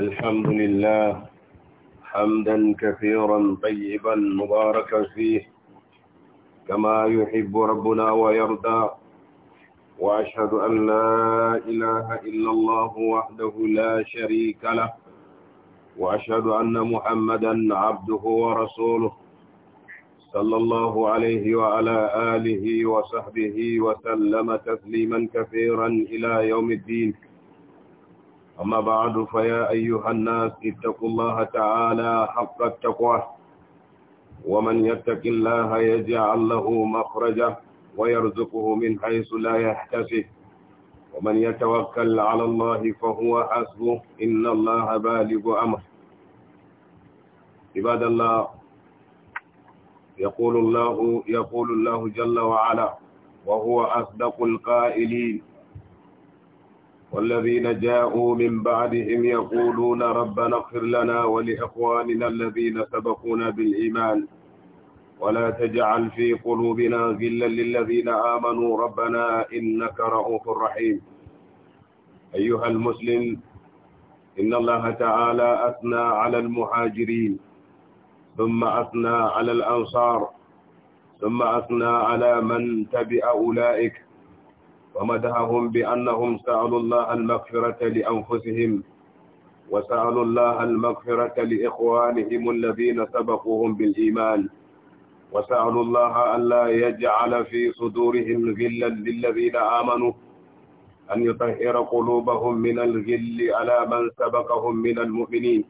الحمد لله حمدا كثيرا طيبا مباركا فيه كما يحب ربنا ويرضى وأشهد أن لا إله إلا الله وحده لا شريك له وأشهد أن محمدا عبده ورسوله صلى الله عليه وعلى آله وصحبه وسلم تسليما كثيرا إلى يوم الدين أما بعد فيا أيها الناس اتقوا الله تعالى حق التقوى ومن يتق الله يجعل له مخرجا ويرزقه من حيث لا يحتسب ومن يتوكل على الله فهو حسبه إن الله بالغ أمر عباد الله يقول الله يقول الله جل وعلا وهو أصدق القائلين والذين جاءوا من بعدهم يقولون ربنا اغفر لنا ولإخواننا الذين سبقونا بالإيمان ولا تجعل في قلوبنا غلا للذين آمنوا ربنا إنك رؤوف رحيم أيها المسلم إن الله تعالى أثنى على المهاجرين ثم أثنى على الأنصار ثم أثنى على من تبع أولئك ومدعهم بأنهم سألوا الله المغفرة لأنفسهم وسألوا الله المغفرة لإخوانهم الذين سبقوهم بالإيمان وسألوا الله ألا يجعل في صدورهم غلا للذين آمنوا أن يطهر قلوبهم من الغل على من سبقهم من المؤمنين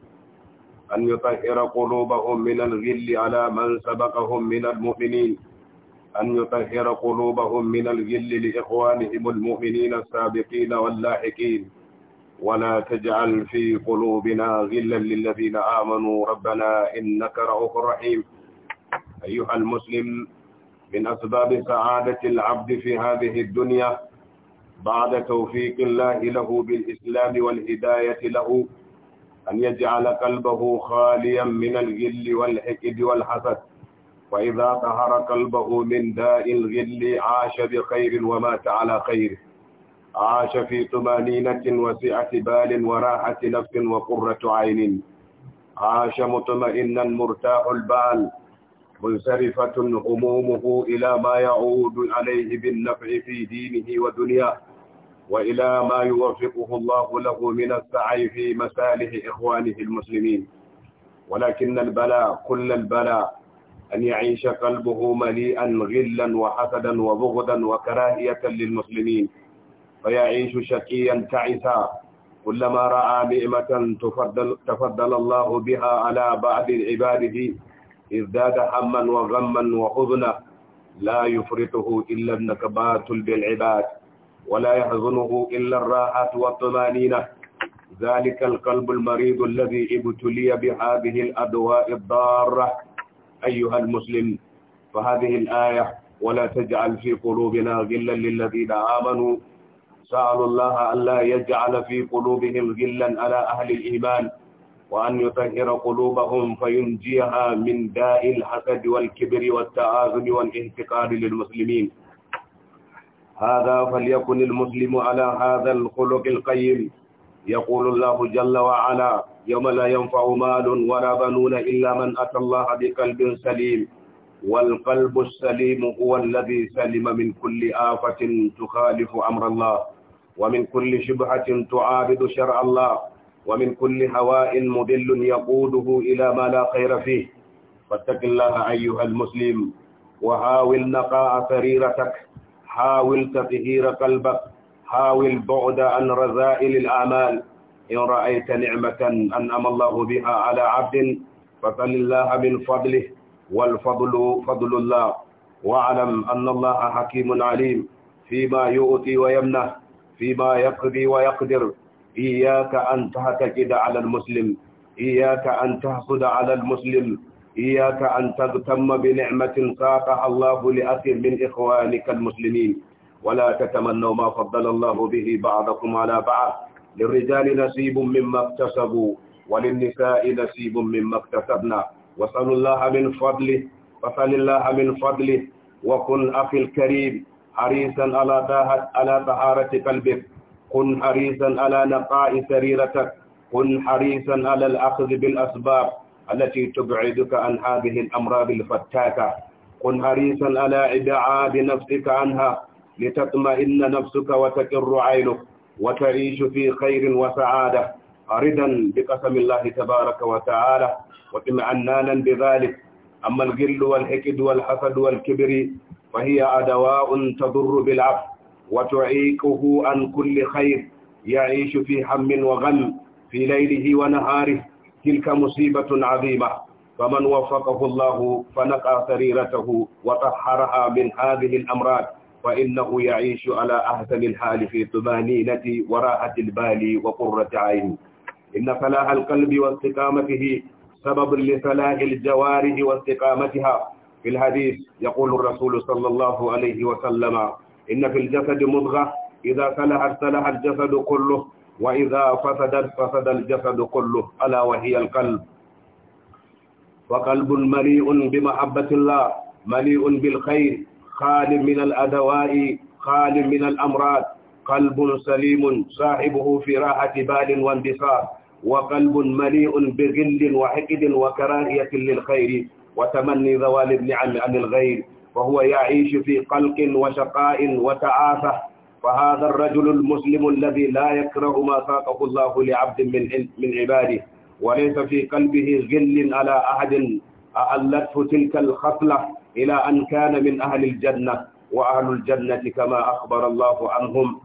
أن يطهر قلوبهم من الغل على من سبقهم من المؤمنين أن يطهر قلوبهم من الغل لإخوانهم المؤمنين السابقين واللاحقين ولا تجعل في قلوبنا غلا للذين آمنوا ربنا إنك رؤوف رحيم أيها المسلم من أسباب سعادة العبد في هذه الدنيا بعد توفيق الله له بالإسلام والهداية له أن يجعل قلبه خاليا من الغل والحقد والحسد فإذا طهر قلبه من داء الغل عاش بخير ومات على خير عاش في طمانينة وسعة بال وراحة نفس وقرة عين عاش مطمئنا مرتاح البال منصرفة همومه إلى ما يعود عليه بالنفع في دينه ودنياه وإلى ما يوفقه الله له من السعي في مساله إخوانه المسلمين ولكن البلاء كل البلاء أن يعيش قلبه مليئا غلا وحسدا وبغضا وكراهية للمسلمين فيعيش شقيا تعسا كلما رأى نعمة تفضل, تفضل الله بها على بعض عباده ازداد هما وغما وحزنا لا يفرطه إلا النكبات بالعباد ولا يحزنه إلا الراحة والطمانينة ذلك القلب المريض الذي ابتلي بهذه الأدواء الضارة أيها المسلم فهذه الآية ولا تجعل في قلوبنا غلا للذين آمنوا سألوا الله أن لا يجعل في قلوبهم غلا على أهل الإيمان وأن يطهر قلوبهم فينجيها من داء الحسد والكبر والتعاظم والانتقام للمسلمين هذا فليكن المسلم على هذا الخلق القيم يقول الله جل وعلا يوم لا ينفع مال ولا بنون إلا من أتى الله بقلب سليم والقلب السليم هو الذي سلم من كل آفة تخالف أمر الله ومن كل شبهة تعارض شرع الله ومن كل هواء مضل يقوده إلى ما لا خير فيه فاتق الله أيها المسلم وحاول نقاء سريرتك حاول تطهير قلبك حاول البعد عن رذائل الأعمال إن رأيت نعمة أنعم الله بها على عبد فقل الله من فضله والفضل فضل الله واعلم أن الله حكيم عليم فيما يؤتي ويمنه فيما يقضي ويقدر إياك أن تهتكد على المسلم إياك أن تحصد على المسلم إياك أن تغتم بنعمة ساقها الله لأخ من إخوانك المسلمين ولا تتمنوا ما فضل الله به بعضكم على بعض للرجال نصيب مما اكتسبوا وللنساء نصيب مما اكتسبنا وصلوا الله من فضله وصل الله من فضله وكن أخي الكريم حريصا على على طهارة قلبك كن حريصا على نقاء سريرتك كن حريصا على الأخذ بالأسباب التي تبعدك عن هذه الأمراض الفتاكة كن حريصا على إبعاد نفسك عنها لتطمئن نفسك وتقر عينك وتعيش في خير وسعادة أردا بقسم الله تبارك وتعالى وطمأنانا بذلك أما الغل والحقد والحسد والكبر فهي أدواء تضر بالعبد وتعيقه عن كل خير يعيش في هم وغم في ليله ونهاره تلك مصيبة عظيمة فمن وفقه الله فنقى سريرته وطهرها من هذه الأمراض فإنه يعيش على أحسن الحال في طمانينة وراحة البال وقرة عين إن فلاح القلب واستقامته سبب لفلاح الجوارح واستقامتها في الحديث يقول الرسول صلى الله عليه وسلم إن في الجسد مضغة إذا فلحت فلح الجسد كله وإذا فسدت فسد الجسد كله ألا وهي القلب وقلب مليء بمحبة الله مليء بالخير خال من الأدواء خال من الأمراض قلب سليم صاحبه في راحة بال وانبساط وقلب مليء بغل وحقد وكراهية للخير وتمني ذوال النعم عن الغير وهو يعيش في قلق وشقاء وتعافى فهذا الرجل المسلم الذي لا يكره ما ساقه الله لعبد من من عباده وليس في قلبه غل على أحد أعلته تلك الخصلة إلى أن كان من أهل الجنة وأهل الجنة كما أخبر الله عنهم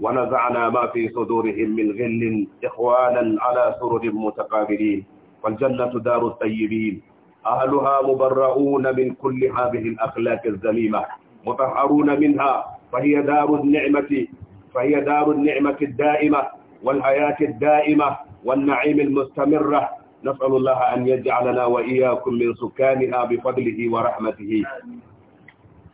ونزعنا ما في صدورهم من غل إخوانا على سرر متقابلين فالجنة دار الطيبين أهلها مبرؤون من كل هذه الأخلاق الذميمة مطهرون منها فهي دار النعمة فهي دار النعمة الدائمة والحياة الدائمة والنعيم المستمرة نسأل الله أن يجعلنا وإياكم من سكانها بفضله ورحمته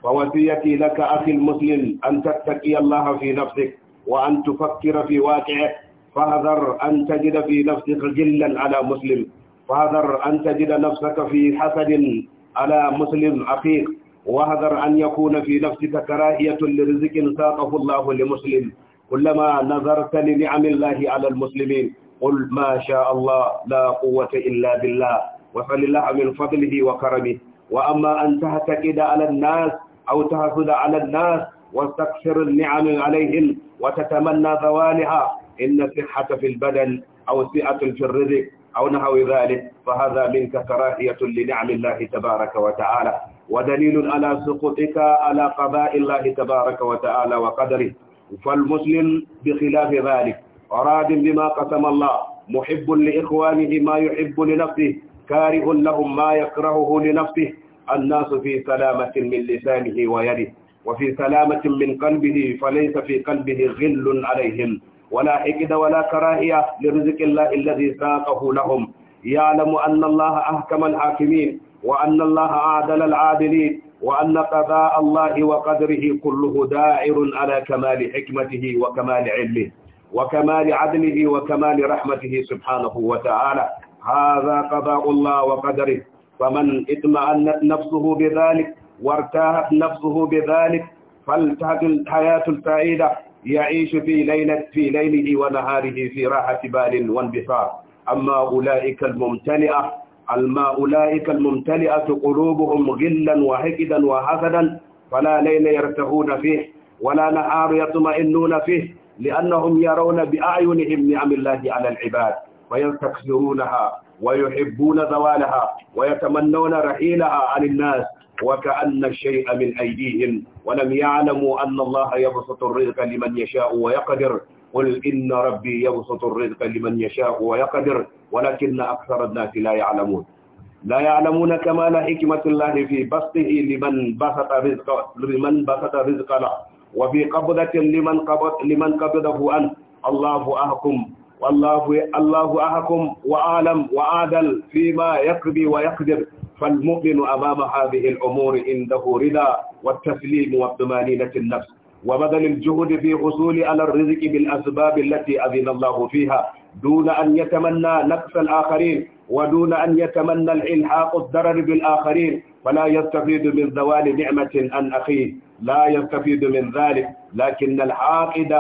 فوصيتي لك أخي المسلم أن تتقي الله في نفسك وأن تفكر في واقعه فاحذر أن تجد في نفسك جلا على مسلم فاحذر أن تجد نفسك في حسد على مسلم أخيك واحذر أن يكون في نفسك كراهية لرزق ساقه الله لمسلم كلما نظرت لنعم الله على المسلمين قل ما شاء الله لا قوة إلا بالله الله من فضله وكرمه وأما أن تهتكد على الناس أو تحسد على الناس واستكثر النعم عليهم وتتمنى ذوالها إن صحة في البدن أو سعة في الرزق أو نحو ذلك فهذا منك كراهية لنعم الله تبارك وتعالى ودليل على سقوطك على قضاء الله تبارك وتعالى وقدره فالمسلم بخلاف ذلك راض بما قسم الله محب لإخوانه ما يحب لنفسه كاره لهم ما يكرهه لنفسه الناس في سلامة من لسانه ويده وفي سلامة من قلبه فليس في قلبه غل عليهم ولا حقد ولا كراهية لرزق الله الذي ساقه لهم يعلم أن الله أحكم الحاكمين وأن الله عادل العادلين وأن قضاء الله وقدره كله داعر على كمال حكمته وكمال علمه وكمال عدله وكمال رحمته سبحانه وتعالى هذا قضاء الله وقدره فمن اطمأنت نفسه بذلك وارتاحت نفسه بذلك فالتهت الحياة السعيدة يعيش في ليلة في ليله ونهاره في راحة بال وانبثار أما أولئك الممتلئة أما أولئك الممتلئة قلوبهم غلا وحقدا وحسدا فلا ليل يرتهون فيه ولا نهار يطمئنون فيه لأنهم يرون بأعينهم نعم الله على العباد ويستكثرونها ويحبون زوالها ويتمنون رحيلها عن الناس وكأن الشيء من أيديهم ولم يعلموا أن الله يبسط الرزق لمن يشاء ويقدر قل إن ربي يبسط الرزق لمن يشاء ويقدر ولكن أكثر الناس لا يعلمون لا يعلمون كمال حكمة الله في بسطه لمن بسط رزقه لمن بسط رزق له وفي قبضة لمن قبض لمن قبضه أنت الله أحكم والله الله أحكم وأعلم وأعدل فيما يقضي ويقدر فالمؤمن أمام هذه الأمور عنده رضا والتسليم والطمأنينة النفس وبذل الجهد في حصول على الرزق بالأسباب التي أذن الله فيها دون أن يتمنى نقص الآخرين ودون أن يتمنى الإلحاق الضرر بالآخرين فلا يستفيد من زوال نعمة عن أخيه لا يستفيد من ذلك لكن العاقد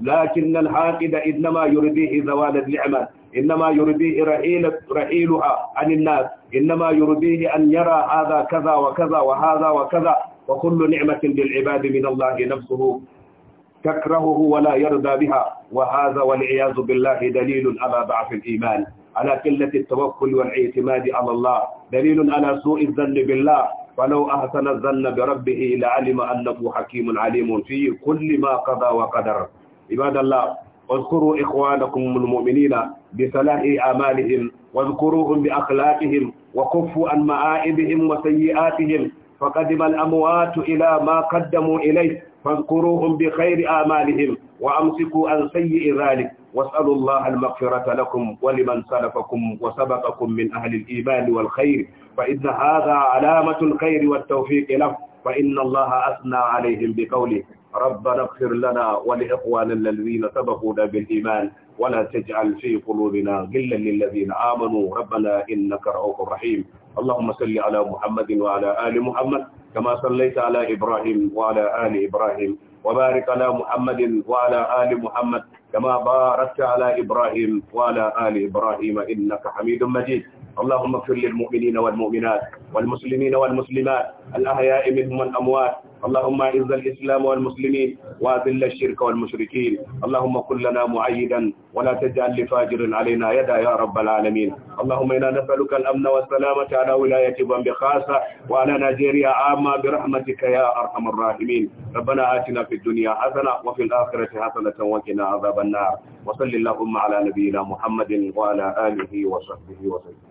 لكن العاقد إنما يرضيه زوال النعمة إنما يرضيه رحيل رحيلها عن الناس إنما يرضيه أن يرى هذا كذا وكذا وهذا وكذا وكل نعمة للعباد من الله نفسه تكرهه ولا يرضى بها وهذا والعياذ بالله دليل على ضعف الإيمان على قلة التوكل والاعتماد على الله دليل على سوء الظن بالله ولو أحسن الظن بربه لعلم أنه حكيم عليم في كل ما قضى وقدر عباد الله اذكروا إخوانكم المؤمنين بصلاح أعمالهم واذكروهم بأخلاقهم وكفوا عن مآئبهم وسيئاتهم فقدم الأموات إلى ما قدموا إليه فاذكروهم بخير آمالهم وأمسكوا عن سيء ذلك واسألوا الله المغفرة لكم ولمن سلفكم وسبقكم من أهل الإيمان والخير فإن هذا علامة الخير والتوفيق له فإن الله أثنى عليهم بقوله ربنا اغفر لنا ولإخواننا الذين سبقونا بالإيمان ولا تجعل في قلوبنا غلا للذين آمنوا ربنا إنك رؤوف رحيم اللهم صل على محمد وعلى آل محمد كما صليت على إبراهيم وعلى آل إبراهيم وبارك على محمد وعلى آل محمد كما باركت على إبراهيم وعلى آل إبراهيم إنك حميد مجيد اللهم اغفر للمؤمنين والمؤمنات والمسلمين والمسلمات الأحياء منهم والأموات اللهم اعز الاسلام والمسلمين واذل الشرك والمشركين اللهم كن لنا معيدا ولا تجعل لفاجر علينا يدا يا رب العالمين اللهم انا نسالك الامن والسلامه على ولايه بامب خاصه وعلى نيجيريا عامه برحمتك يا ارحم الراحمين ربنا اتنا في الدنيا حسنه وفي الاخره حسنه وقنا عذاب النار وصل اللهم على نبينا محمد وعلى اله وصحبه وسلم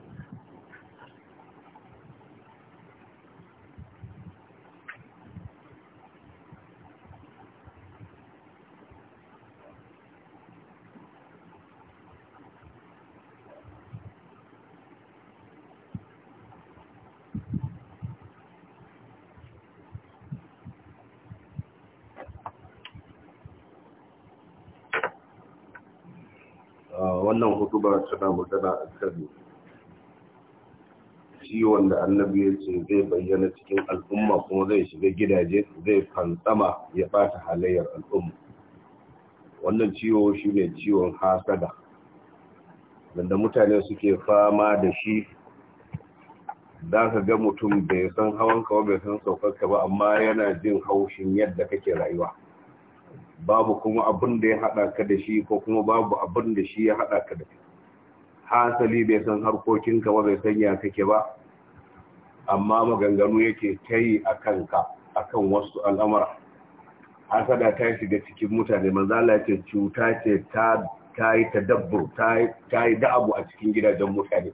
wannan hutuba tana magana a kan ciwon da annabi ya ce zai bayyana cikin al'umma kuma zai shiga gidaje zai fantsama ya bata halayyar al'umma wannan ciwo shi ne ciwon hasada wanda mutane suke fama da shi za ka ga mutum bai san hawan kawo bai san saukarka ba amma yana jin haushin yadda kake rayuwa babu kuma abin da ya hada ka da shi ko kuma babu abin da shi ya hada ka da shi hasali bai san harkokinka ba bai san ya kake ba amma maganganu yake ta yi a kanka a kan wasu al'amura hasada ta shiga cikin mutane manzala ce cuta ce ta yi tadabbur ta yi da'abu a cikin gidajen mutane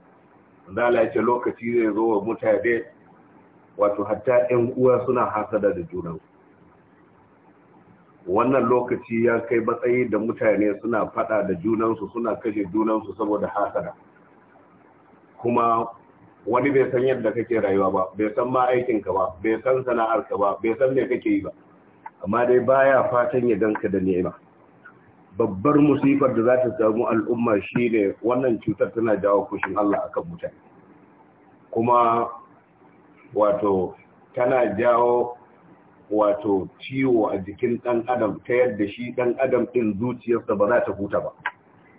manzala ce lokaci zai zo wa mutane wato hatta 'yan uwa suna hasada da junansu wannan lokaci ya kai matsayi da mutane suna fada da junansu suna kashe junansu saboda hasada kuma wani bai san yadda kake rayuwa ba bai san ma aikinka ba bai san sana'arka ba bai san me kake yi ba amma dai baya fatan ya danka da ni'ima babbar musifar da za ta samu al'umma shine wannan cutar tana jawo kushin Allah akan mutane kuma wato tana jawo wato ciwo a jikin ɗan adam ta yadda shi ɗan adam ɗin zuciyarsa ba za ta huta ba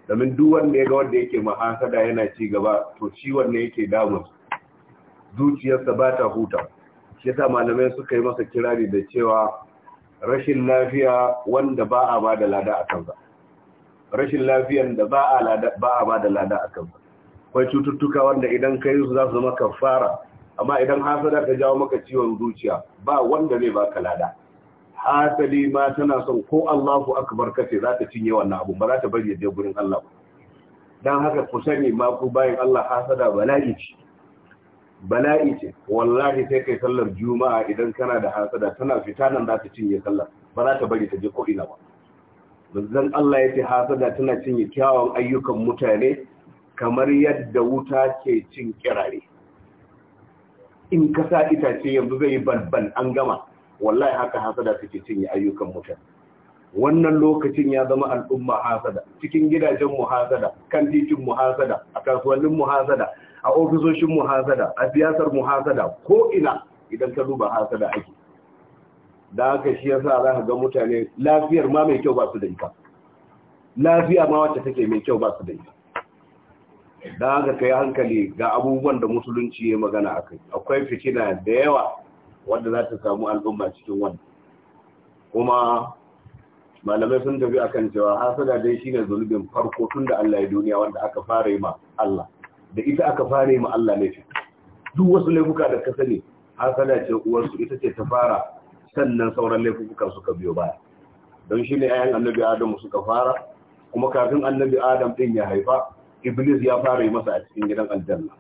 domin duk wanda ya ga wanda yake mahasada yana ci gaba to ciwon ne yake damun zuciyarsa ba ta huta shi yasa malamai suka yi masa kirari da cewa rashin lafiya wanda ba a ba da lada a kansa rashin lafiyan da ba a ba da lada a kansa akwai cututtuka wanda idan kai su za su zama kafara amma idan hasada ta jawo maka ciwon zuciya ba wanda zai baka lada hasali ma tana son ko Allahu akbar kace za ta cinye wannan abu ba za ta bari ya je gurin Allah ba dan haka ku sani ma ku bayan Allah hasada bala'i ce bala'i ce wallahi sai kai sallar juma'a idan kana da hasada tana fita nan za ta cinye sallar ba za ta bari ta je ko ina ba dan Allah ya ce hasada tana cinye kyawun ayyukan mutane kamar yadda wuta ke cin kirare in ka sa itace yanzu zai yi balbal an gama wallahi haka hasada suke cinye ayyukan mutane wannan lokacin ya zama al'umma hasada cikin gidajen mu hasada kan titin mu hasada a kasuwannin mu hasada a ofisoshin mu hasada a siyasar mu hasada ko ina idan ka duba hasada ake da haka shi yasa za ka ga mutane lafiyar ma mai kyau ba su da ita lafiya ma wacce take mai kyau ba su da ita da aka kai hankali ga abubuwan da musulunci ya magana a kai akwai fitina da yawa wadda za ta samu al'umma cikin wani kuma malamai sun tafi akan cewa sada dai shine zulubin farko tunda da Allah ya duniya wanda aka fara yi ma Allah da ita aka fara yi ma Allah ne duk wasu laifuka da ka sani sada ce uwarsu ita ce ta fara sannan sauran laifuka suka biyo baya don shine ayan annabi Adam suka fara kuma kafin annabi Adam din ya haifa iblis ya fara yi masa a cikin gidan aljanna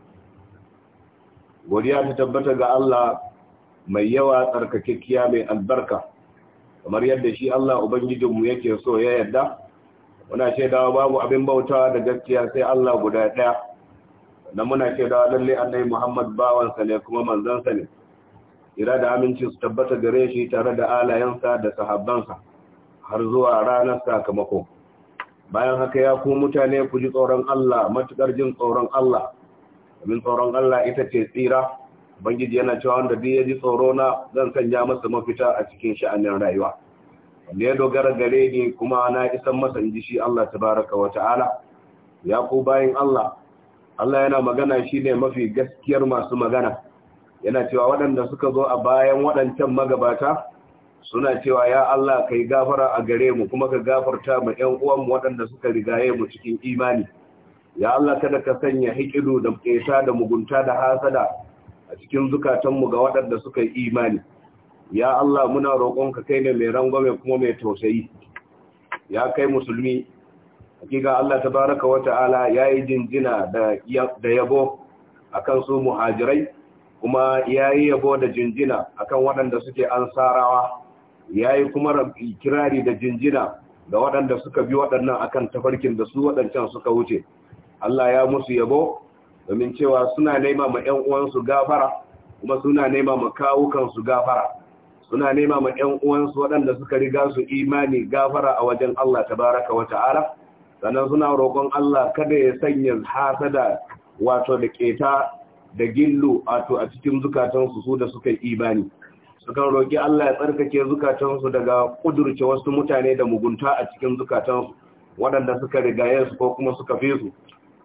godiya ta tabbata ga Allah mai yawa tsarkakekkiya mai albarka kamar yadda shi Allah ubangijinmu yake so ya yadda muna shaidawa babu abin bauta da gaskiya sai Allah guda ɗaya sannan muna shaidawa lalle annabi Muhammad bawansa ne kuma manzansa ne ira da aminci su tabbata gare shi tare da alayensa da sahabbansa har zuwa ranar sakamako bayan haka ya ku mutane ku ji tsoron Allah matukar jin tsoron Allah domin tsoron Allah ita ce tsira bangiji yana cewa wanda duk ya ji tsoro na zan sanya masa mafita a cikin sha'anin rayuwa wanda ya dogara gare ni kuma na isa masa inji shi Allah tabaraka wa ta'ala ya ku bayan Allah Allah yana magana shi ne mafi gaskiyar masu magana yana cewa waɗanda suka zo a bayan waɗancan magabata suna cewa ya Allah kai gafara a gare mu kuma ka gafarta mu ƴan uwanmu waɗanda suka rigaye mu cikin imani ya Allah kada ka sanya hikidu da kesa da mugunta da hasada a cikin zukatanmu ga waɗanda suka yi imani ya Allah muna ka kai ne mai rangwame kuma mai tausayi ya kai musulmi hakika Allah tabaraka wa ta'ala yayi jinjina da da yabo akan su muhajirai kuma yayi yabo da jinjina akan waɗanda suke ansarawa Ya yi kuma kirari da jinjina da waɗanda suka bi waɗannan akan tafarkin da su waɗancan suka wuce Allah ya musu yabo domin cewa suna nema ma ƴan uwansu gafara kuma suna nema ma kawukansu gafara suna nema ma ƴan uwansu waɗanda suka riga su imani gafara a wajen Allah tabaraka wa ta'ala sannan suna roƙon Allah kada ya sanya hasada wato da keta da gillu a cikin zukatansu su da suka imani sukan roƙi Allah ya tsarkake zukatansu daga ƙudurce wasu mutane da mugunta a cikin zukatansu waɗanda suka rigaye su ko kuma suka fi su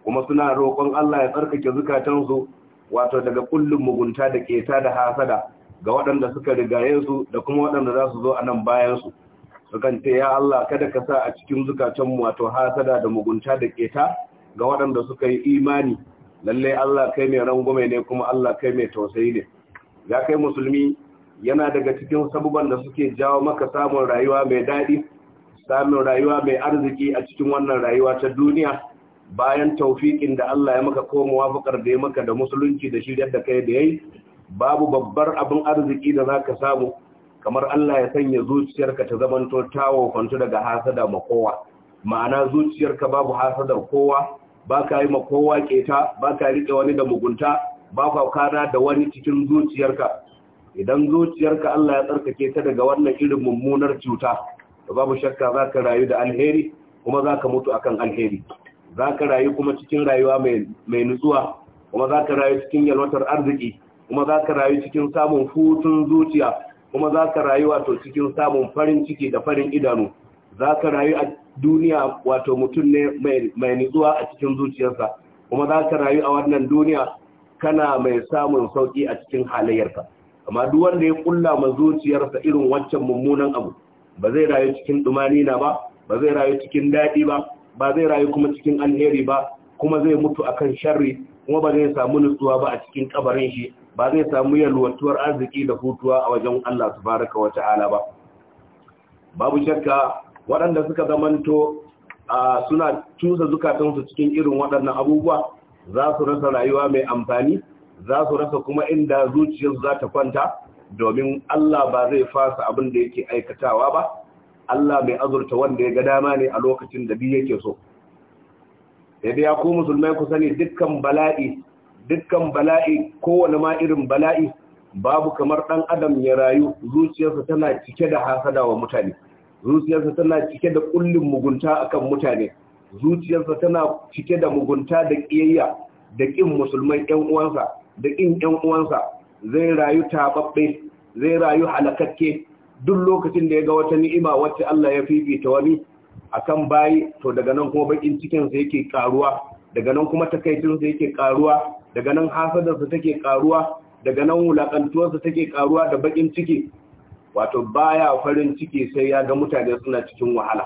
kuma suna roƙon Allah ya tsarkake zukatansu wato daga kullum mugunta da ƙeta da hasada ga waɗanda suka rigaye su da kuma waɗanda za su zo a nan bayansu. su sukan ce ya Allah kada ka sa a cikin zukatanmu wato hasada da mugunta da ƙeta ga waɗanda suka yi imani lallai Allah kai mai rangwame ne kuma Allah kai mai tausayi ne ya kai musulmi yana daga cikin sabuban da suke jawo maka samun rayuwa mai daɗi samun rayuwa mai arziki a cikin wannan rayuwa ta duniya bayan taufiƙin da Allah ya maka ko muwafaqar da ya maka da musulunci da shirya da kai da yi babu babbar abin arziki da za ka samu kamar Allah ya sanya zuciyarka ta zamanto tawo kwanto daga hasada ma kowa ma'ana zuciyarka babu hasadar kowa ba ka yi ma kowa keta baka rike wani da mugunta ba ka kana da wani cikin zuciyarka idan zuciyarka Allah ya tsarkake ta daga wannan irin mummunar cuta to babu shakka za ka rayu da alheri kuma za ka mutu akan alheri za ka rayu kuma cikin rayuwa mai nutsuwa kuma za ka rayu cikin yalwatar arziki kuma za ka rayu cikin samun hutun zuciya kuma za ka rayu wato cikin samun farin ciki da farin idanu za ka rayu a duniya wato mutum ne mai nutsuwa a cikin zuciyarsa kuma za ka rayu a wannan duniya kana mai samun sauki a cikin halayyarka amma duk wanda ya kulla ma zuciyarsa irin waccan mummunan abu ba zai rayu cikin dumanina ba ba zai rayu cikin daɗi ba ba zai rayu kuma cikin alheri ba kuma zai mutu akan sharri kuma ba zai samu nutsuwa ba a cikin kabarin shi ba zai samu yalwatuwar arziki da hutuwa a wajen Allah tabaraka wa ta'ala ba babu shakka waɗanda suka zamanto suna cusa zukatansu cikin irin waɗannan abubuwa za su rasa rayuwa mai amfani za su rasa kuma inda zuciyar za ta kwanta domin Allah ba zai fasa abin da yake aikatawa ba Allah mai azurta wanda ya ga dama ne a lokacin da bi yake so yadda ya ku musulmai ku sani dukkan bala'i dukkan bala'i kowane ma irin bala'i babu kamar ɗan adam ya rayu zuciyarsa tana cike da hasada wa mutane zuciyarsa tana cike da ƙullin mugunta akan mutane zuciyarsa tana cike da mugunta da ƙiyayya da ƙin musulman 'yan uwansa da ƙin ‘yan uwansa zai rayu taɓaɓɓe zai rayu halakakke duk lokacin da ya ga wata ni'ima wacce Allah ya fifita wani akan bayi to daga nan kuma bakin sa yake karuwa daga nan kuma sa yake karuwa daga nan hasadarsa take karuwa daga nan sa take karuwa da bakin ciki wato baya farin ciki sai ya ga mutane suna cikin wahala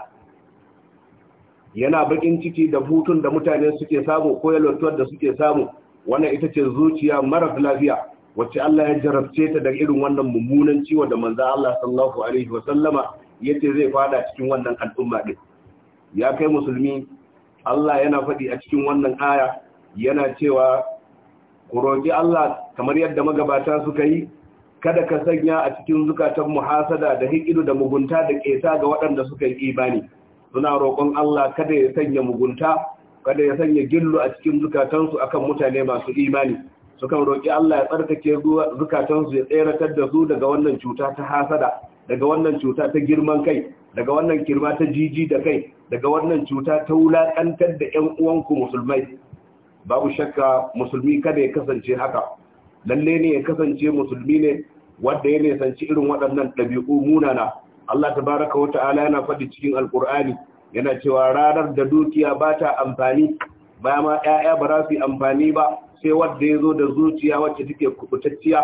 yana bakin ciki da hutun da mutane suke samu ko yalwatuwar da suke samu wannan ita ce zuciya maras lafiya wacce Allah ya jarabce ta daga irin wannan mummunan ciwo da manzo Allah sallallahu alaihi wa sallama yace zai fada cikin wannan al'umma din ya kai musulmi Allah yana faɗi a cikin wannan aya yana cewa ku roƙi Allah kamar yadda magabata suka yi kada ka sanya a cikin zukatan muhasada da hikidu da mugunta da kesa ga waɗanda suka yi imani suna roƙon Allah kada ya sanya mugunta kada ya sanya gillu a cikin zukatansu akan mutane masu imani sukan roƙi Allah ya tsarkake zukatansu ya tseratar da su daga wannan cuta ta hasada daga wannan cuta ta girman kai daga wannan kirma ta jiji da kai daga wannan cuta ta wulaƙantar da 'yan uwanku musulmai babu shakka musulmi kada ya kasance haka lalle ne ya kasance musulmi ne wanda ya nisanci irin waɗannan ɗabi'u munana Allah tabaraka wa ta'ala yana faɗi cikin alƙur'ani yana cewa ranar da dukiya ba ta amfani ba ma 'ya'ya ba za su amfani ba sai wanda ya zo da zuciya wacce take kubutacciya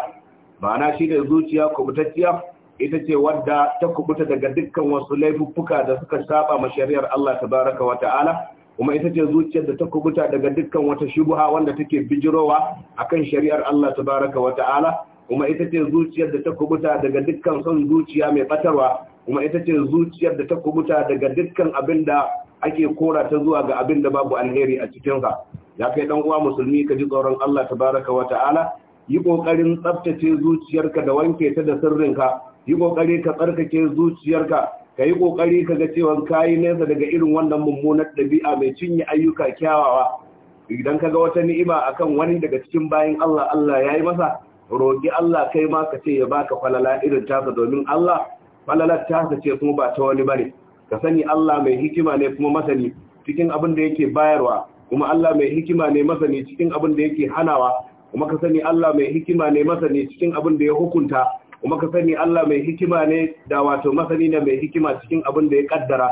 ma'ana shi ne zuciya kubutacciya ita ce wadda ta kubuta daga dukkan wasu laifuffuka da suka saba ma shari'ar Allah tabaraka wa ta'ala kuma ita ce zuciyar da ta kubuta daga dukkan wata shubuha wanda take bijirowa akan shari'ar Allah tabaraka wa ta'ala kuma ita ce zuciyar da ta kubuta daga dukkan son zuciya mai batarwa kuma ita ce zuciyar da ta kubuta daga dukkan abin da ake kora ta zuwa ga abin da babu alheri a cikinsa ya kai dan uwa musulmi ka ji tsoron Allah tabaraka wa ta'ala yi kokarin tsaftace zuciyarka da wanke ta da sirrinka yi kokari ka tsarkake zuciyarka ka yi kokari ka ga cewa kayi nesa daga irin wannan mummunar dabi'a mai cinye ayyuka kyawawa idan ka ga wata ni'ima akan wani daga cikin bayin Allah Allah yayi masa roki Allah kai ma ka ce ya baka falala irin tasa domin Allah falalar ta haka ce kuma ba ta wani bane ka sani Allah mai hikima ne kuma masani cikin abin da yake bayarwa kuma Allah mai hikima ne masani cikin abin da yake hanawa kuma ka sani Allah mai hikima ne masani cikin abin da ya hukunta kuma ka sani Allah mai hikima ne da wato masani ne mai hikima cikin abin da ya kaddara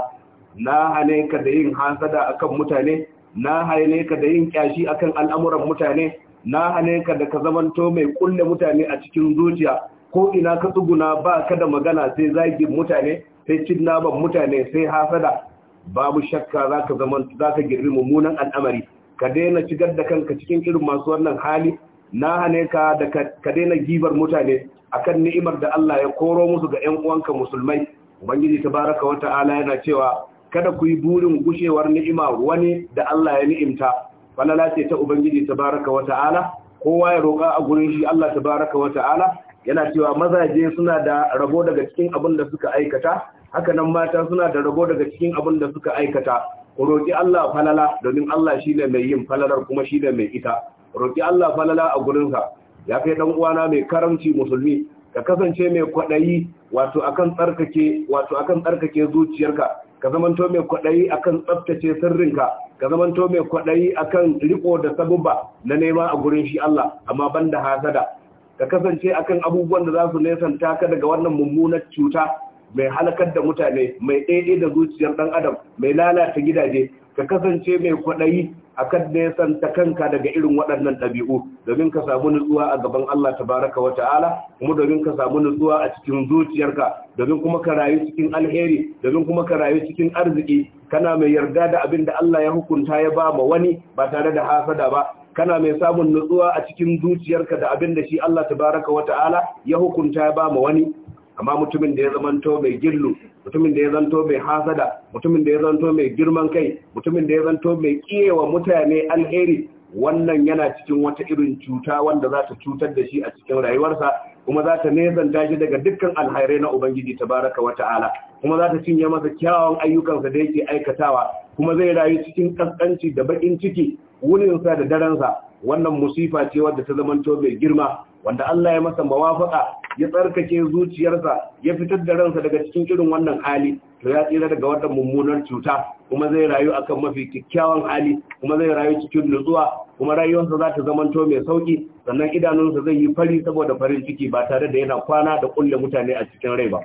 na hane ka da yin hasada akan mutane na hane ka da yin kyashi akan al'amuran mutane na hane ka da ka zamanto mai kulle mutane a cikin zuciya ko ina ka tsuguna ba ka da magana sai zagi mutane sai cin naban mutane sai hasada babu shakka za ka zama za ka girbi mummunan al'amari ka daina shigar da kanka cikin irin masu wannan hali na hane ka da ka daina gibar mutane akan ni'imar da Allah ya koro musu ga 'yan uwanka musulmai ubangiji tabaraka wa ta'ala yana cewa kada ku yi burin gushewar ni'ima wani da Allah ya ni'imta falala ce ta ubangiji tabaraka wa ta'ala kowa ya roƙa a gurin shi Allah tabaraka wa ta'ala yana cewa mazaje suna da rago daga cikin abin da suka aikata haka nan mata suna da rago daga cikin abin da suka aikata ku roƙi Allah falala domin Allah shi ne mai yin falalar kuma shi ne mai ita roƙi Allah falala a gurinsa ya kai dan uwana mai karamci musulmi ka kasance mai kwaɗayi wato akan tsarkake wato akan tsarkake zuciyarka ka zamanto mai kwaɗayi akan tsaftace sirrinka ka zamanto mai kwaɗayi akan riko da sabubba na nema a gurin shi Allah amma banda hasada ka kasance akan abubuwan da za su nesanta ka daga wannan mummunar cuta mai halakar da mutane mai ɗaiɗai da zuciyar ɗan adam mai lalata gidaje ka kasance mai kwaɗayi a kan nesanta kanka daga irin waɗannan ɗabi'u domin ka samu nutsuwa a gaban Allah tabaraka wa ta'ala kuma domin ka samu nutsuwa a cikin zuciyarka domin kuma ka rayu cikin alheri domin kuma ka rayu cikin arziki kana mai yarda da abin da Allah ya hukunta ya ba ma wani ba tare da hasada ba kana mai samun nutsuwa a cikin zuciyarka da abin da shi Allah tabaraka wa ta'ala ya hukunta ya ba wani amma mutumin da ya zamanto mai gillu mutumin da ya zanto mai hasada mutumin da ya zanto mai girman kai mutumin da ya zanto mai kiyewa mutane alheri wannan yana cikin wata irin cuta wanda za ta cutar da shi a cikin rayuwarsa kuma za ta nesanta shi daga dukkan alhairai na ubangiji tabaraka wa ta'ala kuma za ta cinye masa kyawawan ayyukansa da yake aikatawa kuma zai rayu cikin kaskanci da bakin ciki wuninsa da daransa wannan musifa ce wadda ta zamanto mai girma wanda Allah ya masa mawafaka ya tsarkake zuciyarsa ya fitar da ransa daga cikin irin wannan hali to ya tsira daga wannan mummunar cuta kuma zai rayu akan mafi kyakkyawan hali kuma zai rayu cikin nutsuwa kuma rayuwarsa za ta zamanto mai sauki sannan idanunsa zai yi fari saboda farin ciki ba tare da yana kwana da kulle mutane a cikin rai ba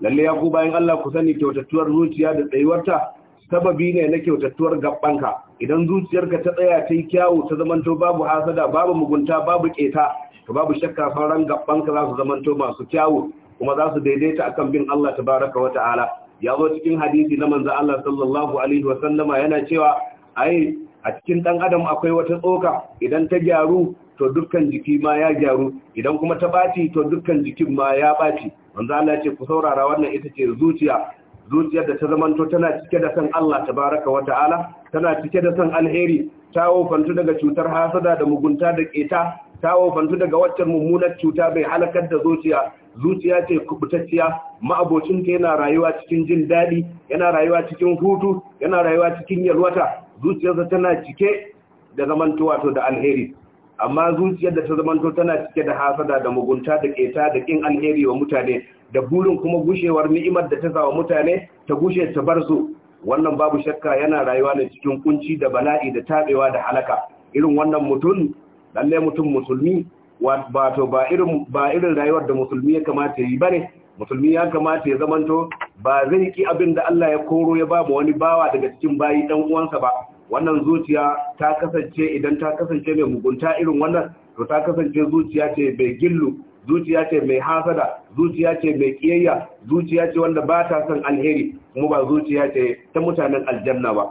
lalle ya ku bayan Allah ku sani kyautattuwar zuciya da tsayuwarta sababi ne na kyautattuwar gabbanka idan zuciyarka ta tsaya ta yi kyawu ta zamanto babu hasada babu mugunta babu keta to babu shakka sauran gabbanka za su zamanto masu kyawu kuma za su daidaita akan bin Allah tabaraka wa ta'ala ya zo cikin hadisi na manzo Allah sallallahu alaihi wa sallama yana cewa ai a cikin dan adam akwai wata tsoka idan ta gyaru to dukkan jiki ma ya gyaru idan kuma ta baci to dukkan jikin ma ya baci manzo Allah ya ce ku saurara wannan ita ce zuciya zuciyar da ta zamanto tana cike da san Allah tabaraka wa ta'ala tana cike da san alheri ta wofantu daga cutar hasada da mugunta da keta ta wofantu daga waccan mummunar cuta bai halakar da zuciya zuciya ce kubutacciya ma'abocinta yana rayuwa cikin jin daɗi yana rayuwa cikin hutu yana rayuwa cikin yalwata zuciyarsa tana cike da zamantowa to da alheri amma zuciyar da ta zamanto tana cike da hasada da mugunta da keta da kin alheri wa mutane da burin kuma gushewar ni'imar da ta zawa mutane ta gushe ta bar su wannan babu shakka yana rayuwa ne cikin kunci da bala'i da tabewa da halaka irin wannan mutum lalle mutum musulmi wato ba irin ba irin rayuwar da musulmi ya kamata yi bane musulmi ya kamata ya zamanto ba zai ki abin da Allah ya koro ya ba mu wani bawa daga cikin bayi dan uwansa ba wannan zuciya ta kasance idan ta kasance mai mugunta irin wannan to ta kasance zuciya ce mai gillu zuciya ce mai hasada zuciya ce mai kiyayya zuciya ce wanda ba ta son alheri kuma ba zuciya ce ta mutanen aljanna ba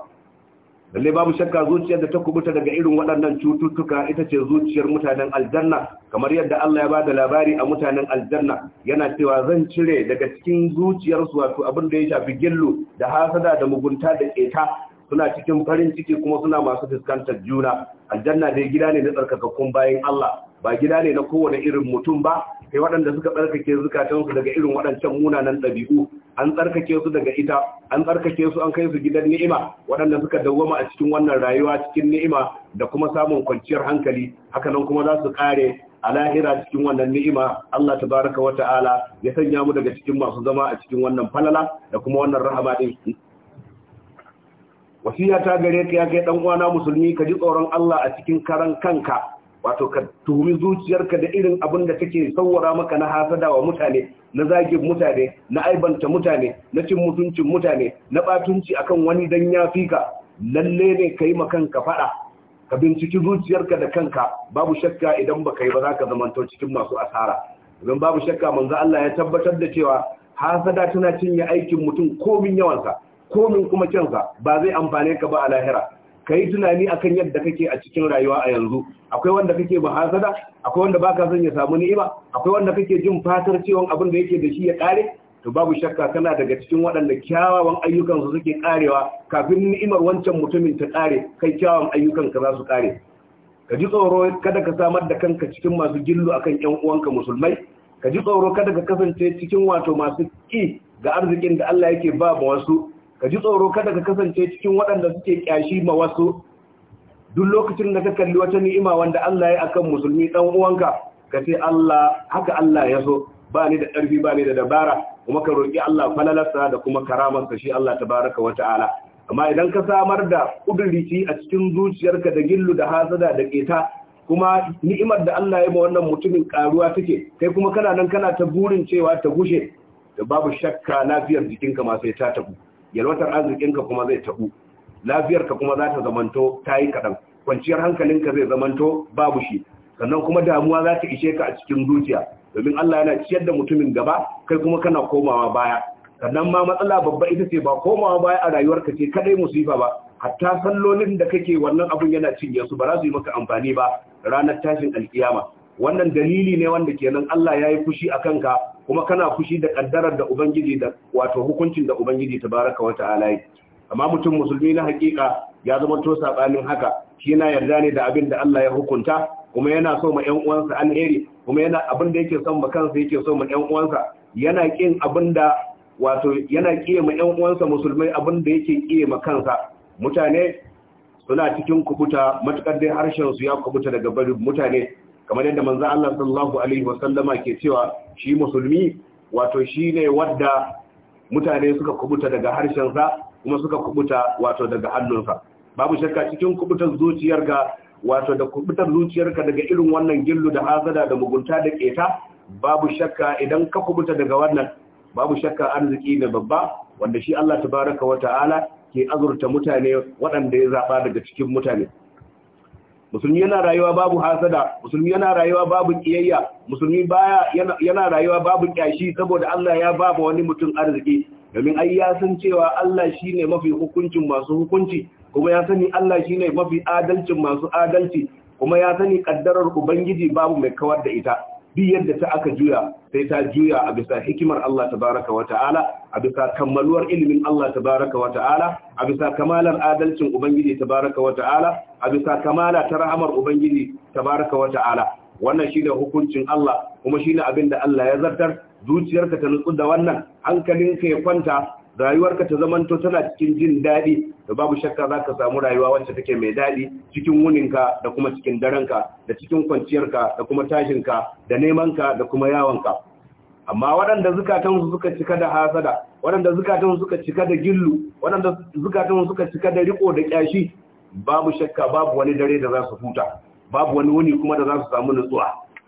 lalle babu shakka zuciyar da ta kubuta daga irin waɗannan cututtuka ita ce zuciyar mutanen aljanna kamar yadda Allah ya bada labari a mutanen aljanna yana cewa zan cire daga cikin zuciyarsu wato abin da ya shafi gillu da hasada da mugunta da keta suna cikin farin ciki kuma suna masu fuskantar juna aljanna dai gida ne na tsarkakakkun bayan Allah ba gida ne na kowane irin mutum ba sai waɗanda suka tsarkake zukatansu daga irin waɗancan munanan ɗabi'u an tsarkake su daga ita an tsarkake su an kai su gidan ni'ima waɗanda suka dawwama a cikin wannan rayuwa cikin ni'ima da kuma samun kwanciyar hankali haka nan kuma za su kare a lahira cikin wannan ni'ima Allah tabaraka wa ta'ala ya sanya mu daga cikin masu zama a cikin wannan falala da kuma wannan rahama din wasiya ta gare ka ya kai dan uwana musulmi ka ji tsoron Allah a cikin karan kanka wato ka tumi zuciyarka da irin abin da take sawara maka na hasada wa mutane na zagin mutane na aibanta mutane na cin mutuncin mutane na batunci akan wani dan ya fika lalle ne kai kanka fada ka binciki zuciyarka da kanka babu shakka idan baka yi ba za ka zamanto cikin masu asara don babu shakka manzo Allah ya tabbatar da cewa hasada tana cinye aikin mutum komin yawansa komin kuma kyansa ba zai amfane ka ba a lahira ka yi tunani a kan yadda kake a cikin rayuwa a yanzu akwai wanda kake hasada akwai wanda baka son ya samu ni'ima akwai wanda kake jin fatar cewa abin da yake da shi ya kare to babu shakka kana daga cikin waɗanda kyawawan ayyukansu suke karewa kafin ni'imar wancan mutumin ta kare kai kyawawan ayyukanka za su kare ka ji tsoro kada ka samar da kanka cikin masu gillu akan yan uwanka musulmai ka ji tsoro kada ka kasance cikin wato masu ki ga arzikin da Allah yake ba ma wasu ka ji tsoro kada ka kasance cikin waɗanda suke ƙyashi ma wasu duk lokacin da ka kalli wata ni'ima wanda Allah ya akan musulmi ɗan uwanka ka ce Allah haka Allah ya so ba ni da ƙarfi ba ni da dabara kuma ka roƙi Allah falalarsa da kuma karamarsa shi Allah tabaraka wa ta'ala amma idan ka samar da ƙudurici a cikin zuciyarka da gillu da hasada da ƙeta kuma ni'imar da Allah ya ma wannan mutumin karuwa take kai kuma kana nan kana ta burin cewa ta gushe da babu shakka lafiyar jikinka ma sai ta tafi yalwatar arzikinka kuma zai tabu lafiyarka kuma za ta zamanto ta yi kaɗan kwanciyar hankalinka zai zamanto babu shi sannan kuma damuwa za ta ishe ka a cikin zuciya domin Allah yana ciyar da mutumin gaba kai kuma kana komawa baya sannan ma matsala babba ita ce ba komawa baya a rayuwarka ce kadai musifa ba hatta sallolin da kake wannan abun yana cinye su ba za su yi maka amfani ba ranar tashin alkiyama wannan dalili ne wanda kenan Allah ya yi fushi a kanka kuma kana fushi da kaddarar da ubangiji da wato hukuncin da ubangiji tabaraka wa ta'ala yi amma mutum musulmi na hakika ya zama to sabanin haka shi yana yarda ne da abin da Allah ya hukunta kuma yana so ma ƴan uwansa alheri kuma yana abin da yake son ma kansa yake so ma ƴan uwansa yana kin abin da wato yana kiye ma ƴan uwansa musulmai abin da yake kiye ma kansa mutane suna cikin kubuta matukar dai harshen su ya kubuta daga bari mutane kamar yadda manzo Allah sallallahu alaihi wasallama ke cewa shi musulmi wato shine wadda mutane suka kubuta daga harshen sa kuma suka kubuta wato daga hannunsa babu shakka cikin kubutar zuciyarka wato da kubutar zuciyarka daga irin wannan gillu da hazada da mugunta da keta babu shakka idan ka kubuta daga wannan babu shakka arziki ne babba wanda shi Allah tabaaraka wa ta'ala ke azurta mutane waɗanda ya zaba daga cikin mutane musulmi yana rayuwa babu hasada musulmi yana rayuwa babu kiyayya musulmi baya yana rayuwa babu kyashi saboda Allah ya ba wani mutum arziki domin ai ya san cewa Allah shine mafi hukuncin masu hukunci kuma ya sani Allah shine mafi adalcin masu adalci kuma ya sani kaddarar ubangiji babu mai kawar da ita duk yadda ta aka juya sai ta juya a bisa hikimar Allah tabaraka wa a bisa kammaluwar ilimin Allah tabaraka wa a bisa kamalar adalcin ubangiji tabaraka wa a bisa kamala ta rahamar ubangiji tabaraka wa wannan shine hukuncin Allah kuma shine abin da Allah ya zartar zuciyarka ta nutsu da wannan hankalinka ya kwanta rayuwarka ta zamanto tana cikin jin daɗi da babu shakka za ka samu rayuwa wacce take mai daɗi cikin wuninka da kuma cikin darenka da cikin kwanciyarka da kuma tashinka da nemanka da kuma yawanka amma waɗanda su suka cika da hasada waɗanda su suka cika da gillu waɗanda su suka cika da riko da kyashi babu shakka babu wani dare da za su huta babu wani wuni kuma da za su samu nutsuwa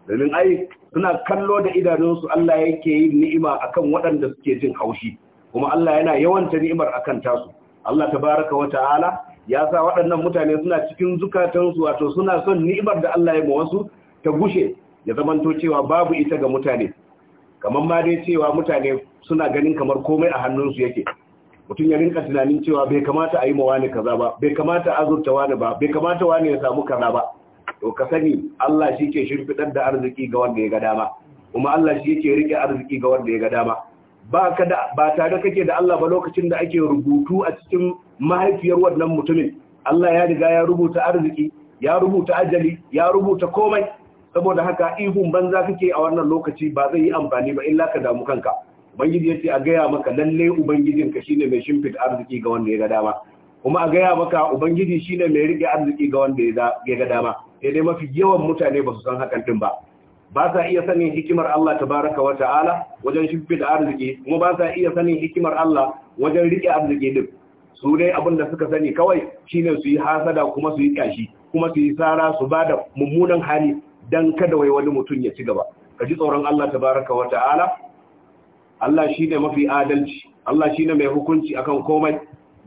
domin ai suna kallo da idanunsu Allah yake yin ni'ima akan waɗanda suke jin haushi kuma Allah yana yawanta ni'imar akan tasu Allah tabaraka wa ta'ala ya sa waɗannan mutane suna cikin zukatansu wato suna son ni'imar da Allah ya ma wasu ta gushe ya zamanto cewa babu ita ga mutane kamar ma dai cewa mutane suna ganin kamar komai a hannun su yake mutum ya rinka tunanin cewa bai kamata a yi ma wani kaza ba bai kamata azurta wani ba bai kamata wani ya samu kaza ba to ka sani Allah shi ke shirfidar da arziki ga wanda ya ga dama kuma Allah shi yake rike arziki ga wanda ya ga dama ba ka da ba tare kake da Allah ba lokacin da ake rubutu a cikin mahaifiyar wannan mutumin Allah ya riga ya rubuta arziki ya rubuta ajali ya rubuta komai saboda haka ihun banza kake a wannan lokaci ba zai yi amfani ba illa ka damu kanka ubangiji yace a gaya maka lalle ka shine mai shimfit arziki ga wanda ya ga dama kuma a gaya maka ubangiji shine mai rike arziki ga wanda ya ga dama sai dai mafi yawan mutane ba su san hakan din ba ba sa iya sanin hikimar Allah tabaraka wa ta'ala wajen shibbi da arziki kuma ba sa iya sanin hikimar Allah wajen riƙe arziki din su dai abin da suka sani kawai shine su yi hasada kuma su yi kashi kuma su yi sara su ba da mummunan hali dan kada wai wani mutum ya ci gaba ka ji tsoron Allah tabaraka wa ta'ala Allah shine mafi adalci Allah shine mai hukunci akan komai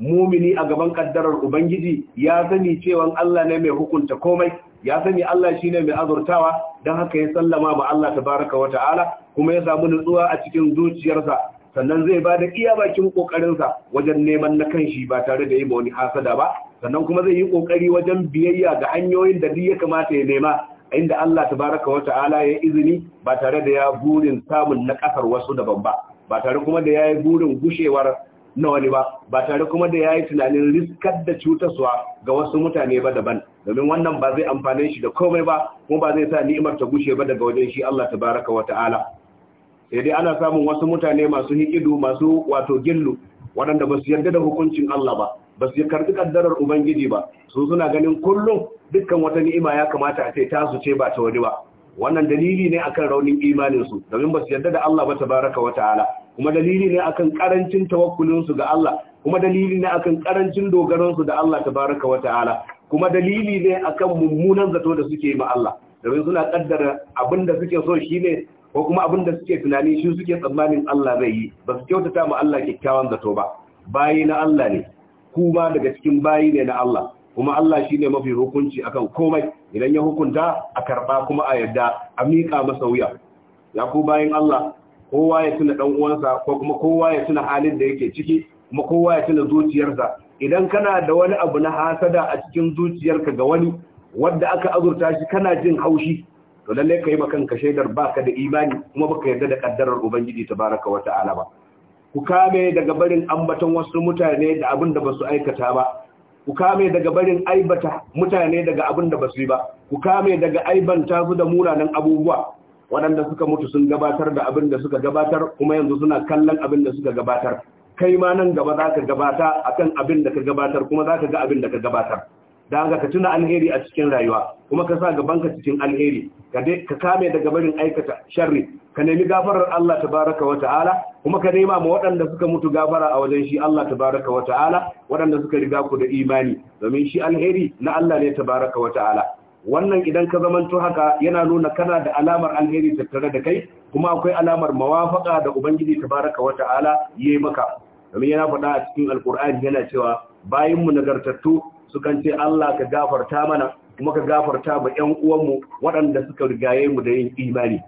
mumini a gaban kaddarar ubangiji ya sani cewa Allah ne mai hukunta komai ya sani Allah shine mai azurtawa don haka ya sallama ma Allah tabaraka wa ta'ala kuma ya samu nutsuwa a cikin zuciyarsa sannan zai ba da iya bakin kokarinsa wajen neman na kanshi ba tare da yi ma wani hasada ba sannan kuma zai yi kokari wajen biyayya ga hanyoyin da duk ya kamata ya nema a inda Allah tabaraka wa ta'ala ya izini ba tare da ya burin samun na kasar wasu daban ba ba tare kuma da ya yi burin gushewar na wani ba ba tare kuma da yayi tunanin riskar da cutarwa ga wasu mutane ba daban domin wannan ba zai amfane shi da komai ba kuma ba zai sa ni'imar ta gushe ba daga wajen shi Allah tabaraka wa ta'ala sai dai ana samun wasu mutane masu hikidu masu wato gillu waɗanda ba su yarda da hukuncin Allah ba ba su karɓi kaddarar ubangiji ba su suna ganin kullum dukkan wata ni'ima ya kamata a ce ta su ce ba ta wani ba wannan dalili ne akan raunin imanin su domin ba su yarda da Allah ba tabaraka wa ta'ala kuma dalili ne akan karancin tawakkulin su ga Allah kuma dalili ne akan karancin dogaron su da Allah tabaraka wa ta'ala kuma dalili ne akan mummunan zato da suke ma Allah domin suna kaddara abin da suke so shine ko kuma abin da suke tunani shi suke tsammanin Allah zai yi ba su kyautata ma Allah kyakkyawan zato ba bayi na Allah ne kuma daga cikin bayi ne na Allah kuma Allah shine mafi hukunci akan komai idan ya hukunta a karba kuma a yadda a miƙa masa wuya ya ku bayin Allah kowa ya tuna dan uwansa ko kuma kowa ya tuna halin da yake ciki kuma kowa ya tuna zuciyarsa idan kana da wani abu na hasada a cikin zuciyarka ga wani wanda aka azurta shi kana jin haushi to lalle kai makan kanka shaidar baka da imani kuma baka yarda da kaddarar ubangiji tabaraka wa ta'ala ba ku kame daga barin ambaton wasu mutane da abin da basu aikata ba ku kame daga barin aibata mutane daga abin da basu yi ba ku kame daga aibanta su da munanan abubuwa waɗanda suka mutu sun gabatar da abin da suka gabatar kuma yanzu suna kallon abin da suka gabatar kai ma nan gaba za ka gabata akan abin da ka gabatar kuma za ka ga abin da ka gabatar da haka ka tuna alheri a cikin rayuwa kuma ka sa gaban ka cikin alheri ka kame daga barin aikata sharri ka nemi gafarar Allah ta baraka wa ta'ala kuma ka nema ma waɗanda suka mutu gafara a wajen shi Allah ta baraka wa ta'ala waɗanda suka riga ku da imani domin shi alheri na Allah ne ta baraka wa ta'ala wannan idan ka zamanto haka yana nuna kana da alamar alheri tattare da kai kuma akwai alamar mawafaka da ubangiji tabaraka wa ta'ala yayi maka domin yana faɗa a cikin alkur'ani yana cewa bayin mu nagartattu sukan ce Allah ka gafarta mana kuma ka gafarta ba yan uwanmu waɗanda suka rigaye mu da yin imani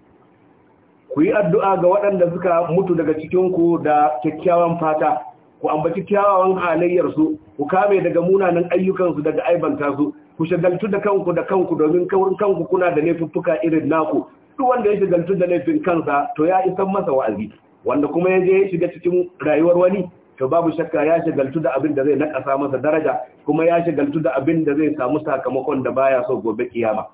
ku yi addu'a ga waɗanda suka mutu daga cikin ku da kyakkyawan fata ku ambaci kyawawan halayyarsu ku kame daga munanan ayyukansu daga aibanta su ku shagaltu da kanku da kanku domin kawar kanku kuna da laifuffuka irin naku duk wanda ya shigantu da laifin kansa to ya isan masa wa'azi wanda kuma ya je ya shiga cikin rayuwar wani to babu shakka ya shigaltu da abin da zai nakasa masa daraja kuma ya shigaltu da abin da zai samu sakamakon da baya so gobe kiyama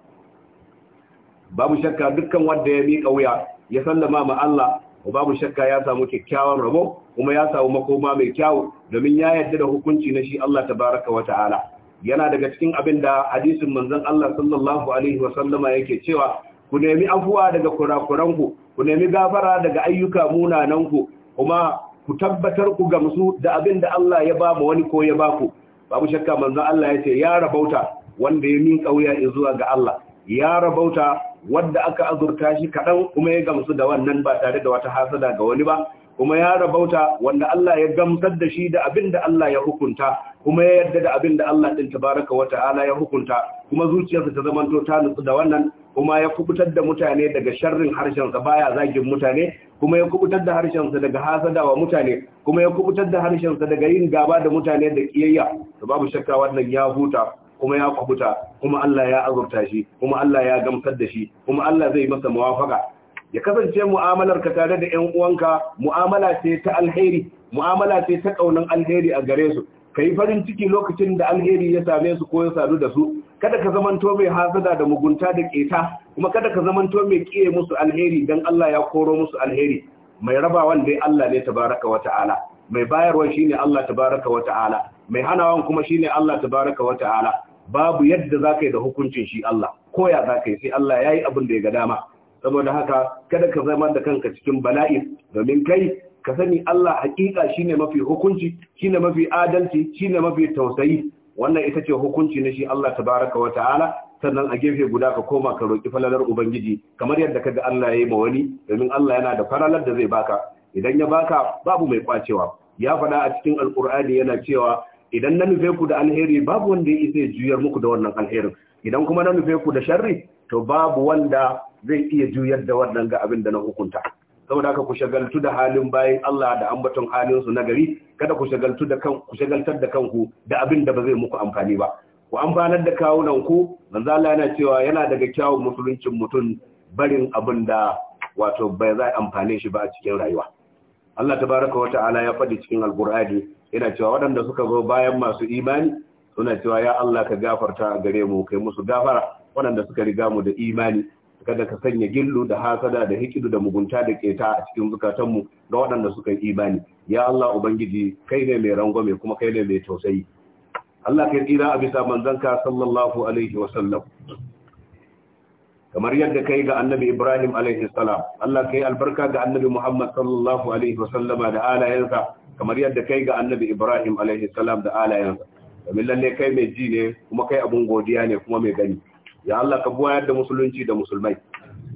babu shakka dukkan wanda ya mika wuya ya sallama ma Allah ko babu shakka ya samu kyakkyawan rabo kuma ya samu makoma mai kyau domin ya yarda da hukunci na shi Allah tabaraka wa ta'ala yana daga cikin abin da hadisin manzon Allah sallallahu alaihi wa sallama yake cewa ku nemi afuwa daga kurakuranku ku nemi gafara daga ayyuka munananku kuma ku tabbatar ku gamsu da abin da Allah ya ba mu wani ko ya baku. ku babu shakka manzon Allah ya ce ya rabauta wanda ya min kauya zuwa ga Allah ya rabauta wanda aka azurta shi kadan kuma ya gamsu da wannan ba tare da wata hasada ga wani ba kuma ya rabauta wanda Allah ya gamsar da shi da abin da Allah ya hukunta kuma ya yarda da abin da Allah din tabaraka wa ta'ala ya hukunta kuma zuciyarsa ta zamanto ta nutsu da wannan kuma ya kubutar da mutane daga sharrin harshensa baya zagin mutane kuma ya kubutar da harshensa daga hasada wa mutane kuma ya kubutar da harshensa daga yin gaba da mutane da kiyayya to babu shakka wannan ya huta kuma ya kubuta kuma Allah ya azurta shi kuma Allah ya gamsar da shi kuma Allah zai masa muwafaka ya kasance mu'amalar ka tare da ƴan uwanka mu'amala ce ta alheri mu'amala ce ta kaunan alheri a gare su kai farin ciki lokacin da alheri ya same su ko ya sadu da su kada ka zamanto mai hazada da mugunta da keta kuma kada ka zamanto mai kiye musu alheri dan Allah ya koro musu alheri mai rabawan dai Allah ne tabaraka wa ta'ala mai bayarwa shine Allah tabaraka wa ta'ala mai hanawan kuma shine Allah tabaraka wa ta'ala babu yadda zaka yi da hukuncin shi Allah ko zaka yi sai Allah yayi abin da ya ga dama saboda haka kada ka zama da kanka cikin bala'i domin kai ka sani Allah hakika shine mafi hukunci shine mafi adalci shine mafi tausayi wannan ita ce hukunci na shi Allah ta tabaraka wa ta'ala sannan a gefe guda ka koma ka roki falalar ubangiji kamar yadda kaga Allah yayi ma wani domin Allah yana da falalar da zai baka idan ya baka babu mai kwacewa ya faɗa a cikin alkur'ani yana cewa idan na nufe ku da alheri babu wanda ya isa juyar muku da wannan alherin idan kuma na nufe ku da sharri to babu wanda zai iya juyar da wannan ga abin da na hukunta saboda haka ku shagaltu da halin bayan Allah da ambaton halin su na gari kada ku shagaltu da kan ku shagaltar da kanku da abin da ba zai muku amfani ba ku amfanar da kawunan ku manzo Allah yana cewa yana daga kyawun musuluncin mutum barin abin da wato bai zai amfane shi ba a cikin rayuwa Allah tabaraka wa ta'ala ya faɗi cikin alqur'ani yana cewa waɗanda suka zo bayan masu imani suna cewa ya Allah ka gafarta gare mu kai musu gafara waɗanda suka riga mu da imani kada ka sanya gillu da hasada da hikidu da mugunta da keta a cikin zukatanmu ga waɗanda suka yi imani ya Allah ubangiji kai ne mai rangwame kuma kai ne mai tausayi Allah kai tsira a bisa manzanka sallallahu alaihi wa sallam kamar yadda kai ga annabi Ibrahim alaihi salam Allah kai albarka ga annabi Muhammad sallallahu alaihi wa sallama da alayansa kamar yadda kai ga annabi Ibrahim alaihi salam da alayansa Kamar lalle kai mai ji ne kuma kai abun godiya ne kuma mai gani ya Allah ka buwayar da musulunci da musulmai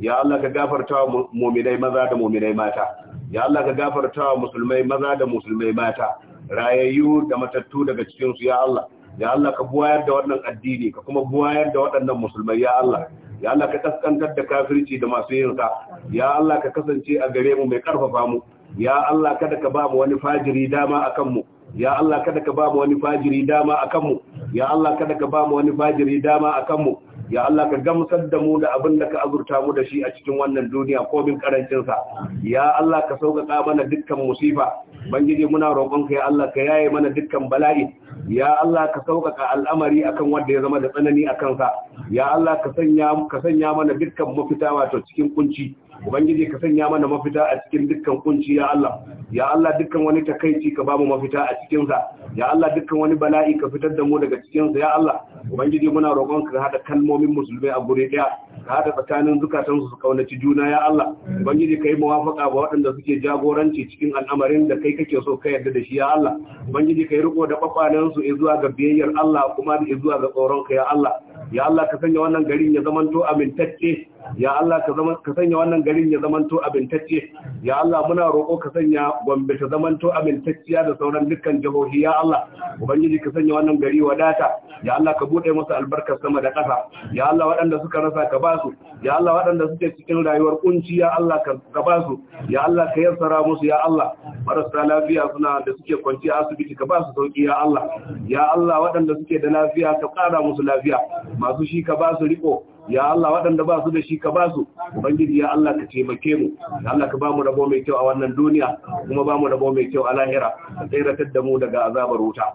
ya Allah ka gafarta wa mu'minai maza da mu'minai mata ya Allah ka gafarta wa musulmai maza da musulmai mata rayayyu da matattu daga cikin su ya Allah ya Allah ka buwayar da wannan addini ka kuma buwayar da waɗannan musulmai ya Allah ya Allah ka kaskantar da kafirci da masu yin sa ya Allah ka kasance a gare mu mai karfafa mu ya Allah kada ka ba mu wani fajiri dama akan mu ya Allah kada ka ba mu wani fajiri dama akan mu ya Allah kada ka ba mu wani fajiri dama akan mu ya Allah ka gamsar da mu da abin da ka azurta mu da shi a cikin wannan duniya ko bin karancin sa ya Allah ka sauƙaƙa mana dukkan musifa bangije muna roƙon ka ya Allah ka yaye mana dukkan bala'i ya Allah ka sauƙaƙa al'amari akan wanda ya zama da tsanani akan sa ya Allah ka sanya ka sanya mana dukkan mafita wato cikin kunci ubangiji ka sanya mana mafita a cikin dukkan kunci ya Allah ya Allah dukkan wani takaici ka bamu mafita a cikin sa ya Allah dukkan wani bala'i ka fitar da mu daga cikin sa ya Allah ubangiji muna roƙon ka hada kalmomin musulmai a guri daya ka hada tsakanin zukatan su kaunaci juna ya Allah ubangiji kai muwafaka ga waɗanda suke jagoranci cikin al'amarin da kai kake so ka yarda da shi ya Allah ubangiji kai riko da kwakwalen su zuwa ga biyayyar Allah kuma zuwa ga tsoron ka ya Allah ya Allah ka sanya wannan garin ya zamanto amintacce ya Allah ka zama ka sanya wannan garin ya zamanto abintacce ya Allah muna roƙo ka sanya Gombe ta zamanto abintacciya da sauran dukkan jihohi ya Allah ubangiji ka sanya wannan gari wadata ya Allah ka bude masa albarkar sama da ƙasa ya Allah waɗanda suka rasa ka ba su ya Allah waɗanda suke cikin rayuwar kunci ya Allah ka ba su ya Allah ka yassara musu ya Allah marasa lafiya suna da suke kwanci a asibiti ka ba su sauki ya Allah ya Allah waɗanda suke da lafiya ka ƙara musu lafiya masu shi ka ba su riko ya Allah waɗanda ba su da shi ka ba su ubangiji ya Allah ka taimake mu ya Allah ka bamu mu rabo mai kyau a wannan duniya kuma bamu mu rabo mai kyau a lahira ka tsiratar da mu daga azabar wuta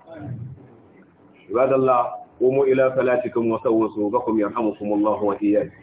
ibadallah qumu ila salatikum wa sawwu subakum yarhamukumullahu wa iyyakum